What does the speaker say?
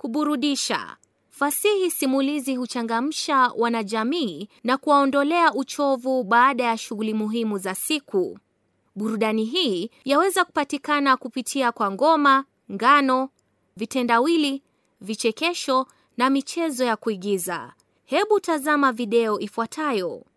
kuburudisha. Fasihi simulizi huchangamsha wanajamii na kuwaondolea uchovu baada ya shughuli muhimu za siku. Burudani hii yaweza kupatikana kupitia kwa ngoma, ngano, vitendawili, vichekesho na michezo ya kuigiza. Hebu tazama video ifuatayo.